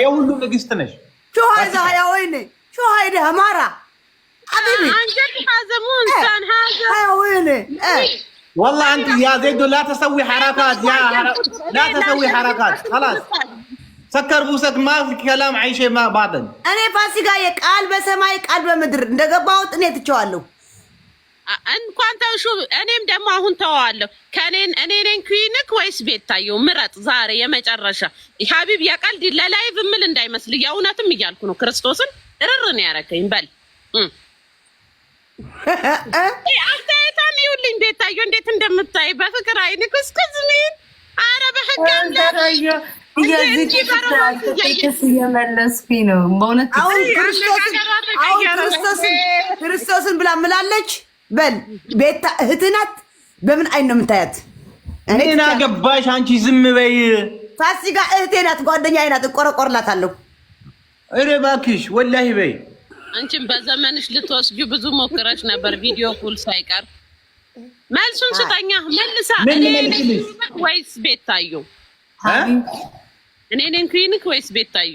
የሁሉ ንግስት ነሽ። يا زيدو لا تسوي حركات يا لا تسوي حركات خلاص ሰከር ቡሰት ማፍ ከላም አይሼ ማ ባደን እኔ ፋሲካዬ ቃል በሰማይ ቃል በምድር እንደገባሁት እኔ ትቼዋለሁ። እንኳን ተውሹ እኔም ደግሞ አሁን ተዋዋለሁ። ከኔን እኔ ነኝ ክዊንክ ወይስ ቤታየው? ምረጥ ዛሬ የመጨረሻ ሀቢብ፣ የቀልድ ለላይቭ ምል እንዳይመስል የእውነትም እያልኩ ነው። ክርስቶስን እርርን ያረከኝ። በል አስተያየቷን ይሁልኝ። ቤታየው እንዴት እንደምታይ በፍቅር አይን ኩስኩዝሚን አረ በህግ ነው አሁን ክርስቶስን ብላ ምላለች በል ቤታ እህትህ ናት። በምን አይን ነው የምታያት? እኔን አገባሽ አንቺ ዝም በይ። ፋሲካ እህቴ ናት፣ ጓደኛ ናት፣ እቆረቆርላታለሁ። ኧረ እባክሽ ወላሂ በይ። አንቺም በዘመንሽ ልትወስጂው ብዙ ሞክረሽ ነበር፣ ቪዲዮ ኩል ሳይቀር መልሱን ስጠኛ። መልሳ ወይስ ቤት ታዩ? እኔ ነኝ ክሊኒክ ወይስ ቤት ታዩ?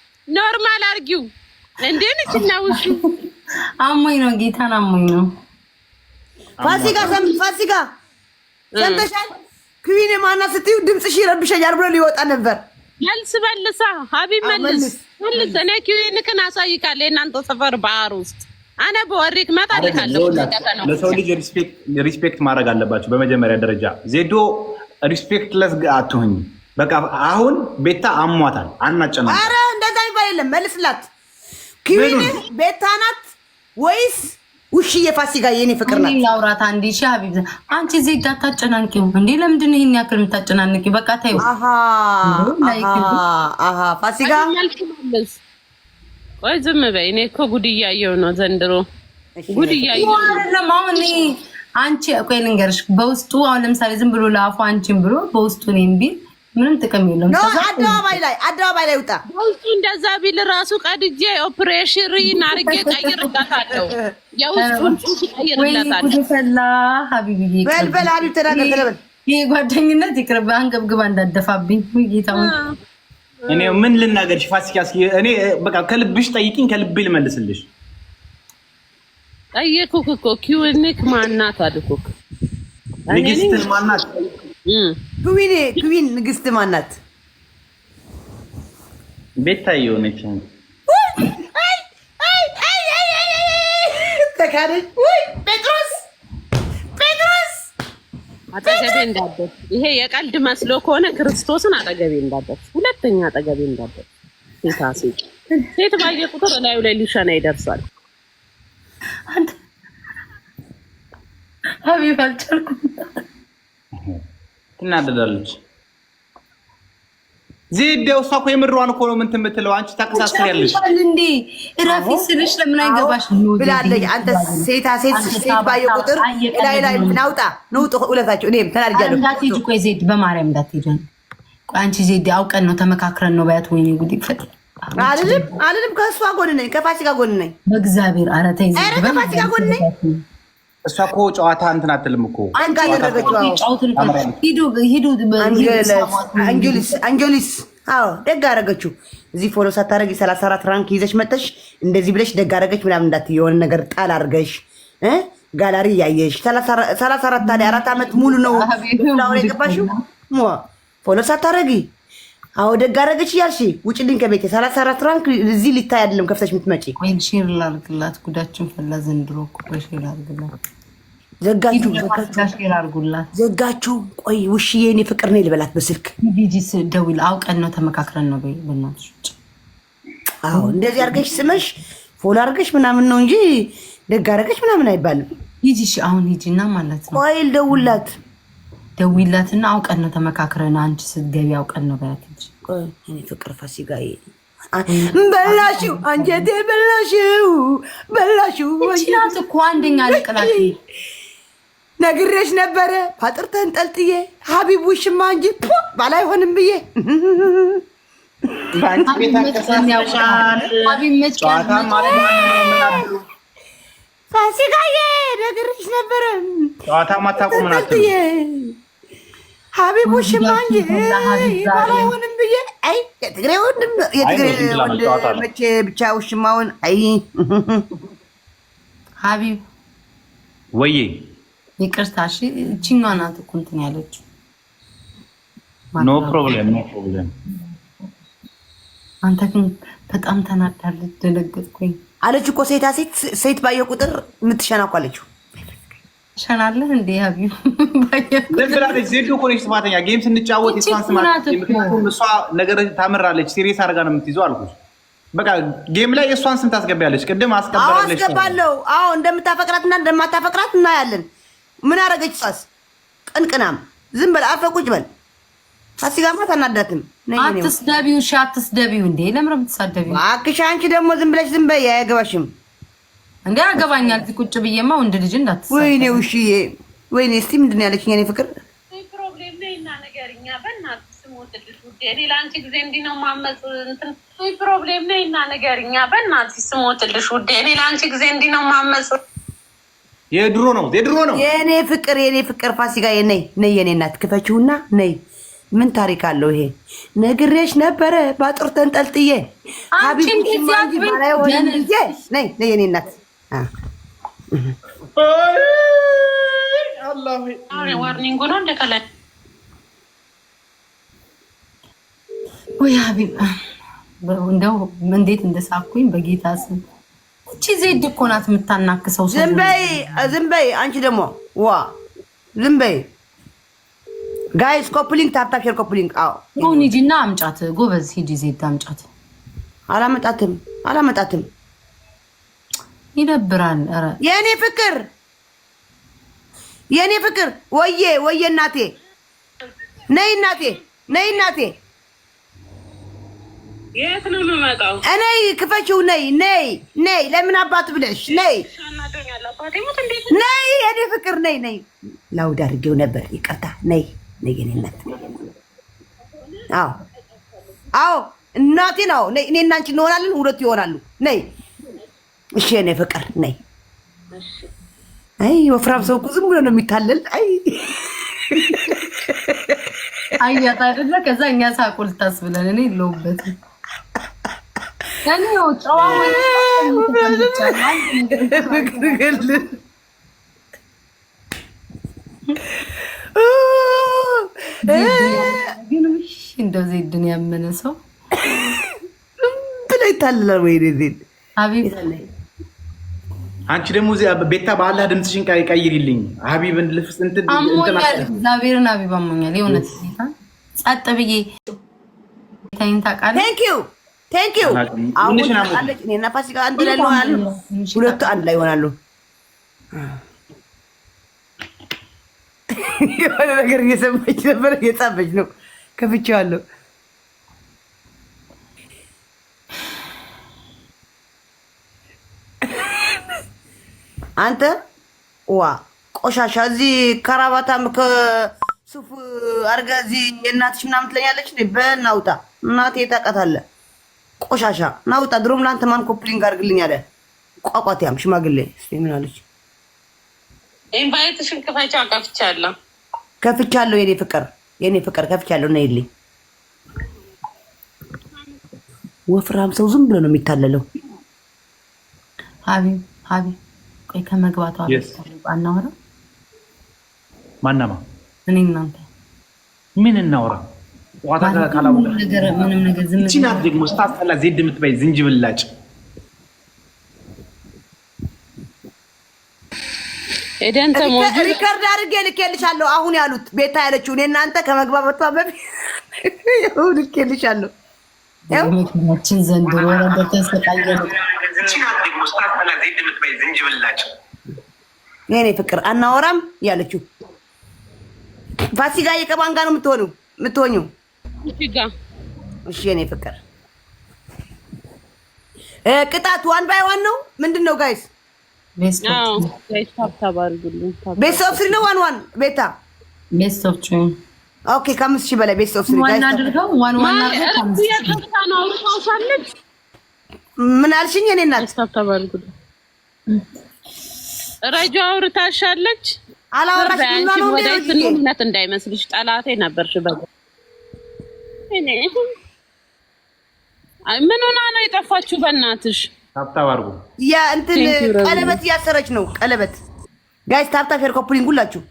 ኖርማል አርጊው። እንዴ ነው ውሹ? አሞኝ ነው፣ ጌታን አሞኝ ነው። ፋሲካ ፋሲካ ሰምተሻል? ክዊን ማና ስትዩ ድምፅሽ ይረብሸኛል ብሎ ሊወጣ ነበር። መልስ መልሳ፣ ሀቢብ መልስ መልስ። እኔ ክዊን ክን አሳይካለሁ የእናንተ ሰፈር ባህር ውስጥ አነ በወሪክ መጣ ለሰው ልጅ ሪስፔክት ማድረግ አለባቸው። በመጀመሪያ ደረጃ ዜዶ ሪስፔክትለስ አትሁኝ። በቃ አሁን ቤታ አሟታል፣ አናጨናል የለም መልስላት። ኪዊን ቤታ ናት ወይስ ውሽዬ ፋሲካ የኔ ፍቅር ናት? ላውራት አንድ ሺ ሀቢብ አንቺ ጋ ታጨናንቂ እንዴ! ለምንድን ይህን ያክል የምታጨናንቂ? በቃ ታዩ ፋሲካ ቆይ ዝም በይ። እኔ እኮ ጉድ እያየው ነው ዘንድሮ ጉድ እያየሁ አሁን አንቺ ቆይ ልንገርሽ፣ በውስጡ አሁን ለምሳሌ ዝም ብሎ ለአፉ አንቺን ብሎ በውስጡ እኔም ቢል ምንም ጥቅም የለውም። አደባባይ ላይ አደባባይ ላይ ውጣ። ውስጡ እንደዛ ቢል ራሱ ቀድጄ ኦፕሬሽን አድርጌ ቀይርላታለሁ። የውስጡን ጽሑፍ ቀይርላታለሁ። ይህ ጓደኝነት ይቅርብ። አንገብግባ እንዳደፋብኝ ጌታ እኔ ምን ልናገርሽ? ፋሲካ እስኪ እኔ በቃ ከልብሽ ጠይቂኝ፣ ከልቤ ልመልስልሽ። ጠየኩክ እኮ ኪውኒክ ማናት አልኩክ። ንግስትን ማናት ክዊን ግዊን ንግስት ማናት? ቤታዬ ሆነች። ተካደች። ጴጥሮስ ጴጥሮስ አጠገቤ እንዳደርስ። ይሄ የቀልድ መስሎ ከሆነ ክርስቶስን አጠገቤ እንዳደርስ፣ ሁለተኛ አጠገቤ እንዳደርስ። ሴታ ሴት ሴት ባየ ቁጥር እላዩ ላይ ሊሸና ይደርሳል። ሀቢብ አልቻልኩም። ትናደዳለች። ዜዴው እሷ እኮ የምሯን እኮ ነው። ምን ትምትለው አንቺ ታከሳስሪያለሽ እንዴ? እረፊ ስልሽ ለምን አይገባሽ ብላለች። አንተ ሴታ ሴት ሴት ባየ ቁጥር ላይ ላይ ናውጣ ነው ጥቁ ሁለታችሁ እኔም ተናድጃለሁ። እንዳትሄጂ ቆይ ዜድ በማርያም እንዳትሄጂ። አንቺ ዜድ አውቀን ነው ተመካክረን ነው ባያት። ወይኔ ጉድ ይፈጥ አልልም አልልም። ከእሷ ጎን ነኝ፣ ከፋሲካ ጎን ነኝ። በእግዚአብሔር ኧረ ተይ ዜድ፣ ኧረ ከፋሲካ ጎን ነኝ እሷ እኮ ጨዋታ እንትን አትልም እኮ አንጀሊስ። አዎ ደግ አደረገችው። እዚህ ፎሎ ሳታደረግ የሰላሳ አራት ራንክ ይዘሽ መጠሽ እንደዚህ ብለሽ ደግ አደረገች ምናምን እንዳት የሆነ ነገር ጣል አድርገሽ ጋላሪ እያየሽ ሰላሳ አራት ታዲያ አራት ዓመት ሙሉ ነው ሁን የገባሽው ፎሎ ሳታደረጊ አዎ ደግ አደረገች እያልሽ ውጭልኝ ከቤቴ። ሰላሳ አራት ፍራንክ እዚህ ሊታይ አይደለም ከፍተሽ የምትመጪ። ወይም ሼር ላድርግላት፣ ጉዳችን ፈላ ዘንድሮ እኮ ላርግላት። ዘጋችሁ። ቆይ ውሽዬ፣ እኔ ፍቅር ነኝ ልበላት በስልክ ጂጂስ ደውል። አውቀን ነው ተመካክረን ነው በእናትሽ አዎ እንደዚህ አድርገሽ ስመሽ ፎሎ አድርገሽ ምናምን ነው እንጂ ደግ አደረገች ምናምን አይባልም። ሂጂ፣ አሁን ሂጂ እና ማለት ነው። ቆይ ልደውልላት ደውይላትና አውቀን ነው ተመካክረን፣ አንቺ ስትገቢ አውቀን ነው በያት እንጂ እኔ ፍቅር ፋሲካ በላሽው፣ አንጀቴ በላሽው፣ በላሽው። ችናት እኮ አንደኛ ልቅላት ነግሬሽ ነበረ። ፓጥር ተንጠልጥዬ ሀቢብ ውሽማ እንጂ ባላ አይሆንም ብዬ ፋሲካዬ ነግሬሽ ነበረ። ጨዋታ ማታቆምናት ሀቢቡሽማ እንጂ ይባል ብዬ አይ የትግሬ ወንድ መቼ ብቻ ውሽማውን አይ ሀቢብ ወይ ይቅርታ፣ እሺ እችኛዋ ናት እኮ እንትን ያለችው። ኖ ፕሮብሌም ኖ ፕሮብሌም። አንተ ግን በጣም ተናዳለች። ደነገጥኩኝ አለች እኮ ሴታ ሴት ሴት ባየ ቁጥር የምትሸናኳለችው ሸናለህ እንዴ ያዩ ልፍላለች ዜዶ እኮ ነች ጥፋተኛ። ጌም ስንጫወት የሷን ስማት ምክንያቱም እሷ ነገር ታምራለች፣ ሲሪየስ አድርጋ ነው የምትይዘው አልኩሽ። በቃ ጌም ላይ የእሷን ስም ታስገቢያለች። ቅድም አስቀበራለች። አስገባለሁ። አዎ እንደምታፈቅራት እና እንደማታፈቅራት እናያለን። ምን አደረገች? ጻስ ቅንቅናም ዝም በል አፈ ቁጭ በል። አሲጋማ ታናዳትም። አትስደቢው፣ እሺ አትስደቢው። እንዴ ለምን ነው የምትሳደቢው? እባክሽ አንቺ ደግሞ ዝም ብለሽ ዝም በይ፣ አያገባሽም እንዴ አገባኛል። እዚህ ቁጭ ብዬማ ወንድ ልጅ እንዳትሰ ወይኔ ውሽዬ ወይኔ። እስቲ ምንድን ነው ያለችኝ? እኔ ፍቅር ፕሮብሌም እና ስሞትልሽ ውዴ። እኔ ለአንቺ ጊዜ እንዲህ ነው ላይ እና ነገርኛ የድሮ ነው የድሮ ነው። የእኔ ፍቅር የእኔ ፍቅር ፋሲካ ነይ ነይ፣ እናት ክፈችውና ነይ። ምን ታሪክ አለው ይሄ? ነግሬሽ ነበረ ባጥር ተንጠልጥዬ ነይ ነይ፣ እናት ወይ እንደው እንዴት እንደሳኩኝ በጌታ ስም። እቺ ዜድ እኮ ናት የምታናክሰው። ዝም በይ ዝም በይ። አንቺ ደግሞ ዋ ዝም በይ። ጋይስ ኮፕሊንግ ታፕታፕ ሼር ኮፕሊንግ። አዎ ሂጂና አምጫት ጎበዝ፣ ሂጂ ዜድ አምጫት። አላመጣትም አላመጣትም ይነብራል። የእኔ ፍቅር የእኔ ፍቅር ወዬ ወዬ እናቴ ነይ እናቴ ነይ እናቴ የት ነው የምመጣው? እኔ ክፈችው ነይ ነይ ነይ ለምን አባት ብለሽ ነይ ነይ የእኔ ፍቅር ነይ ነይ ላውድ አድርጌው ነበር ይቅርታ። ነይ ነይ የእኔ እናት አዎ አዎ እናቴ ነው። እኔ እና አንቺ እንሆናለን ሁለት ይሆናሉ። ነይ እሺ የኔ ፍቅር ነይ። አይ ወፍራም ሰው እኮ ዝም ብሎ ነው የሚታለል። አይ አያት አይደለ? ከዛ እኛ ሳቁልታስ ብለን እኔ የለሁበት እንደው ዜድን ያመነ ሰው ዝም ብሎ ይታለላል። ወይኔ ዜድ አቤት አንቺ ደግሞ ቤታ በአላህ ድምፅሽን ቀይሪልኝ። ሀቢብን ልፍስ እንትን እግዚአብሔርን ሀቢብ አሞኛል። የእውነት ጸጥ ብዬ ታይን ታውቃለህ። ላይ ይሆናሉ፣ ሁለቱ አንድ ላይ ይሆናሉ። የሆነ ነገር እየሰማች ነበር፣ እየጻፈች ነው። ከፍቼዋለሁ አንተ ዋ ቆሻሻ እዚህ ከራባታም ከሱፍ አርጋ እዚህ እናትሽ ምናምን ትለኛለች። በናውጣ እናቴ አለ። ቆሻሻ ናውጣ። ድሮም ለአንተ ማን ኮፕሊንግ አርግልኝ አለ። ቋቋትያም ሽማግሌ ምን አለች? ኢንቫይትሽን ከፍቻለሁ፣ ከፍቻለሁ። የኔ ፍቅር፣ የኔ ፍቅር ከፍቻለሁ። እና ወፍራም ሰው ዝም ብሎ ነው የሚታለለው። ሀቢብ ሀቢብ ቆይ ከመግባቷ አናወራ። ማናማ እኔ እናንተ ምን እናውራ? ችናት ደግሞ ስታስጠላ ዜድ የምትባይ ዝንጅብላጭ ሪከርድ አድርጌ ልኬልሻለሁ። አሁን ያሉት ቤታ ያለችው እኔ እናንተ ከመግባባቷ በፊት ልኬልሻለሁ። ዘንድሮ ዜድ ዝንጅብላቸው የኔ ፍቅር አናወራም ያለችው ፋሲካ የቀባን ጋር ነው የምትሆኑ የምትሆኙ። እሺ የኔ ፍቅር ቅጣት ዋን ባይ ዋን ነው ምንድን ነው ጋይስ? ቤስት ኦፍ ስሪ ነው ዋን ዋን ቤታ ቤስት ኦፍ ስሪ ኦኬ ከአምስት ሺህ በላይ ቤስት ኦፍ ስሪ ጋይስ ምን አልሽኝ? የኔ እናት ረጁ አውርታሻለች። አላወራሽም። እንዳይመስልሽ ጠላቴ ነበርሽ። በ ምን ሆና ነው የጠፋችሁ? በእናትሽ ታብታባርጉ እንትን ቀለበት እያሰረች ነው። ቀለበት ጋይስ ታብታ ፌር ኮፕሊንግ ሁላችሁ።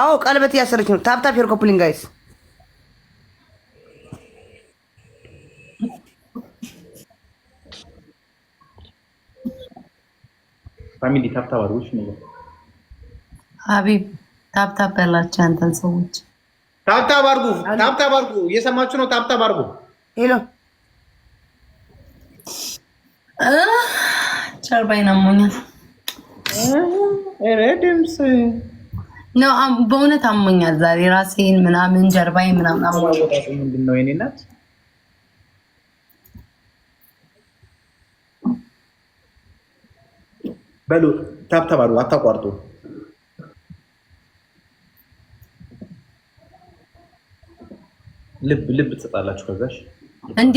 አዎ ቀለበት እያሰረች ነው። ታብታ ፌር ጋይስ ፋሚሊ ታብታብ አድርጎች ነው። ሀቢብ ታብታብ በላቸው። ያንተን ሰዎች ታብታብ አድርጉ፣ ታብታብ አድርጉ። እየሰማችሁ ነው? ታብታብ አድርጉ። ሄሎ ጨርባይን አሞኛል። ድምፅ ነው በእውነት አሞኛል ዛሬ ራሴን ምናምን ጀርባይን ምናምን አሞኛል። ምንድን ነው የኔ እናት በሉ ታብተባሉ አታቋርጡ። ልብ ልብ ትሰጣላችሁ። ከዛሽ እንዴ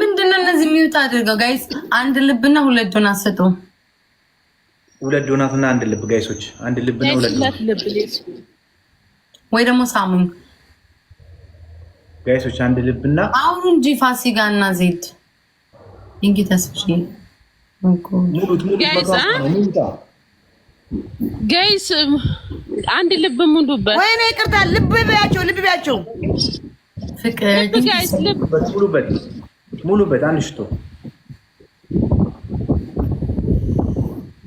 ምንድነው እነዚህ የሚወጣ አድርገው ጋይስ፣ አንድ ልብና ሁለት ዶናት ሰጡ። ሁለት ዶናትና አንድ ልብ ጋይሶች፣ አንድ ልብና ሁለት ልብ ወይ ደግሞ ሳሙን ጋይሶች፣ አንድ ልብና አሁን እንጂ ፋሲካ እና ዜድ እንግዲህ ተስፍሽ ገይስ oh, um, አንድ ልብ ሙሉበት። ወይኔ ይቅርታ፣ ልብ በያቸው፣ ልብ በያቸው። ሙሉበት አንድ ሽቶ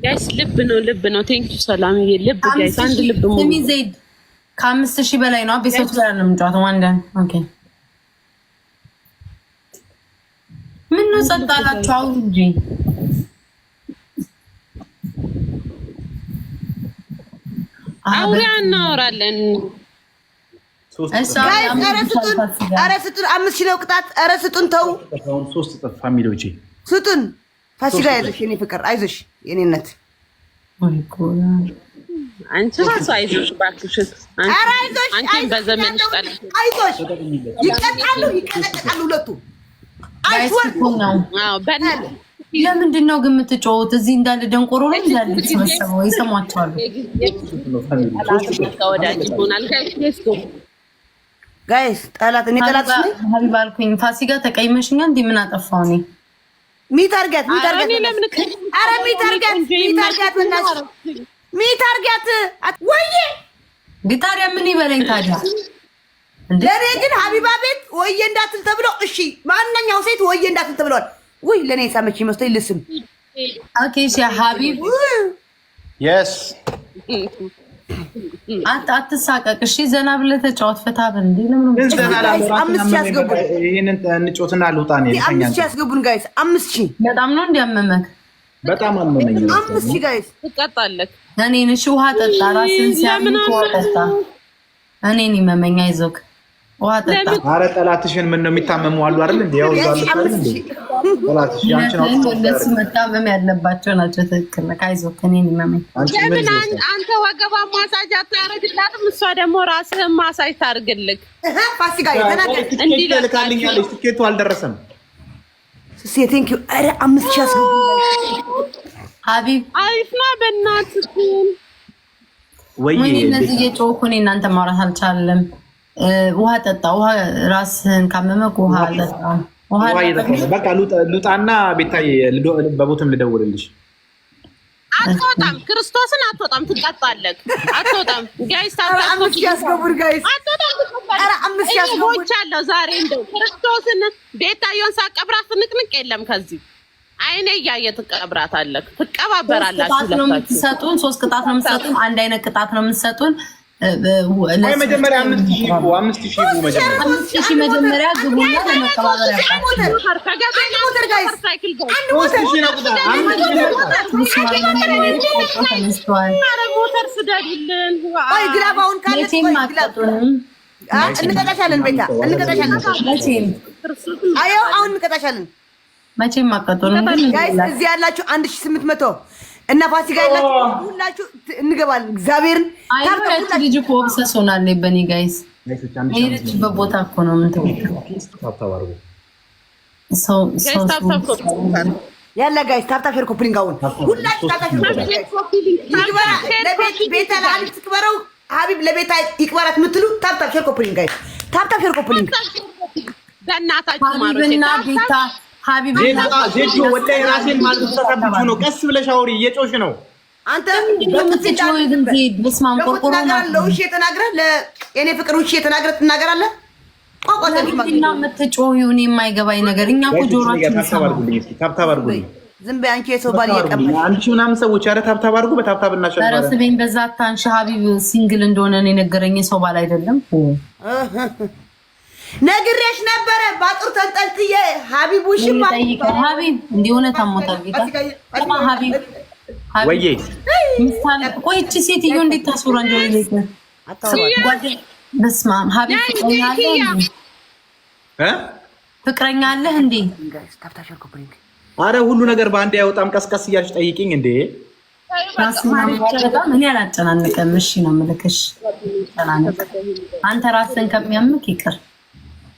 ጋይስ ልብ ነው ልብ ነው። ቴንክ ዩ ሰላምዬ። ልብ ጋይስ አንድ ልብ ሙሉ ዘይድ ከአምስት ሺህ በላይ ነው። ቤተሰብ ጋር ነው የምንጫወተው። ዋንዳን ኦኬ። ምን ነው ጸጥ አላችሁ አሁን እንጂ አውራ እናወራለን። ኧረ ስጡን፣ አምስት ኪሎ ቅጣት። ኧረ ስጡን፣ ተው ስጡን። ፋሲካ አይዞሽ የኔ ፍቅር፣ አይዞሽ የኔነት አንቺ ራሱ አይዞሽ እባክሽን። አንቺን በዘመን ይቀጣሉ፣ ይቀጣሉ፣ ይቀጠቀጣሉ ሁለቱ ለምንድን ነው ግን የምትጫወት? እዚህ እንዳለ ደንቆሮ ነው እንዳለ ተመሰበው ይሰማቸዋሉ። ጋይስ ጠላት እኔ ጠላት ሀቢብ አልኩኝ። ፋሲካ ተቀይመሽኛ እንዲ ምን አጠፋው? እኔ ሚታርጋት አርጋት ሚት አርጋት አረ ሚት አርጋት ሚት አርጋት ወይዬ ቢታሪያ ምን ይበለኝ ታዲያ ለእኔ ግን ሀቢባ ቤት ወየ እንዳትል ተብሎ እሺ ማንኛው ሴት ወየ እንዳትል ተብሏል። ወይ ለእኔ የሳመች ይመስለኝ። ልስም ሀቢብ አትሳቀቅ፣ እሺ። ዘና ብለህ ተጫወት፣ ፈታ በል። ያስገቡን ጋይስ፣ አምስት ሺህ በጣም ነው እንዲያመመክ በጣም አመመኝ። አምስት ሺህ ጋይስ ትቀጣለህ። እኔን እሺ፣ ውሃ ጠጣ፣ ራስን ሲያምን ውሃ ጠጣ። እኔን ይመመኛ ይዞክ አረ ጠላትሽን ምን ነው የሚታመሙ አሉ አይደል? እንዴ ያው ዛል እነሱ መታመም ያለባቸው ናቸው። ትክክል ነው። አይዞህ እኔን ይመመኝ። አንተ ወገቧ ማሳጅ አታረግላትም? እሷ ደግሞ ራስህን ማሳጅ ታርግልክ። ልካልኛለች። ትኬቱ አልደረሰም። ሲ ቴንክ ዩ። አረ አምስት ሺህ አስገቡ። ሀቢብ አይፍና በእናትህ ወይ እነዚህ እየጮኩ እኔ እናንተ ማውራት አልቻለም። ውሃ ጠጣ። ውሃ ራስህን ካመመህ ውሃ ጠጣ። በቃ ልውጣና ቤታዬ በቦትም ልደውልልሽ። አትወጣም፣ ክርስቶስን አትወጣም፣ ትቀጣለህ። አትወጣም። ጋይስ አስገቡን፣ ጋይስ አለው ዛሬ እንደው ክርስቶስን ቤታዬን ሳቀብራት ንቅንቅ የለም ከዚህ አይኔ እያየ ትቀብራታለህ፣ ትቀባበራላችሁ። ቅጣት ነው የምትሰጡን፣ ሶስት ቅጣት ነው የምትሰጡን፣ አንድ አይነት ቅጣት ነው የምትሰጡን። መጀመሪያ አምስት ሺህ ግቡ፣ አምስት ሺህ ግቡ፣ አምስት ሺህ መጀመሪያ ግቡና ለመከባበር መቼም አቀጡንም። እዚህ ያላችሁ አንድ ሺህ ስምንት መቶ እና ፋሲካ ያላችሁ ሁላችሁ እንገባለን። እግዚአብሔርን ታርቀቁላችሁ። ልጅ እኮ ኦብሰስ ሆናለች በኔ ጋይስ። ይሄ በቦታ እኮ ነው ምን ሰው ሰው ያለ ጋይስ ታርታ ፌር ኮፕሊንግ አሁን ሁላችሁ ታርታ ፌር ኮፕሊንግ ይግበራ ለቤት ሀቢብ ለቤታ ይቅበራት የምትሉ ኮፕሊንግ ጋይስ ኮፕሊንግ በእናታችሁ ሀቢብ ወላሂ ራሴን ማልሰራብኝ ነው። ቀስ ብለሽ አውሪ፣ እየጮሽ ነው አንተ በስማም ቆርቆሮ ለውሽ የተናግረ ፍቅር ውሽ የተናግረ ትናገራለህ። ቋቋና የምትጮው እኔ የማይገባኝ ነገር እኛ እኮ ታብታብ አድርጉ። ዝም በይ አንቺ የሰው ባል እየቀባሽ አንቺ ምናምን ሰዎች፣ ኧረ ታብታብ አድርጉ። በታብታብ እናሸንፋለን። ኧረ በዛ አታንሺ። ሀቢብ ሲንግል እንደሆነ ነው የነገረኝ። የሰው ባል አይደለም ነግሬሽ ነበረ። ባጥሩ ተንጠልጥዬ ሀቢብ ውሽ ሀቢብ እንደ እውነት አሞታል ሀቢብ ወይዬ ቆይ ይህቺ ሴትዮ እንዴት ታስራ በስመ አብ ሀቢብ ፍቅረኛ አለህ እንዴ? አረ ሁሉ ነገር በአንድ ያወጣም። ቀስቀስ እያልሽ ጠይቅኝ እንዴ በጣም እኔ አላጨናነቀም። እሺ ነው የምልክሽ። አንተ ራስን ከሚያምክ ይቅር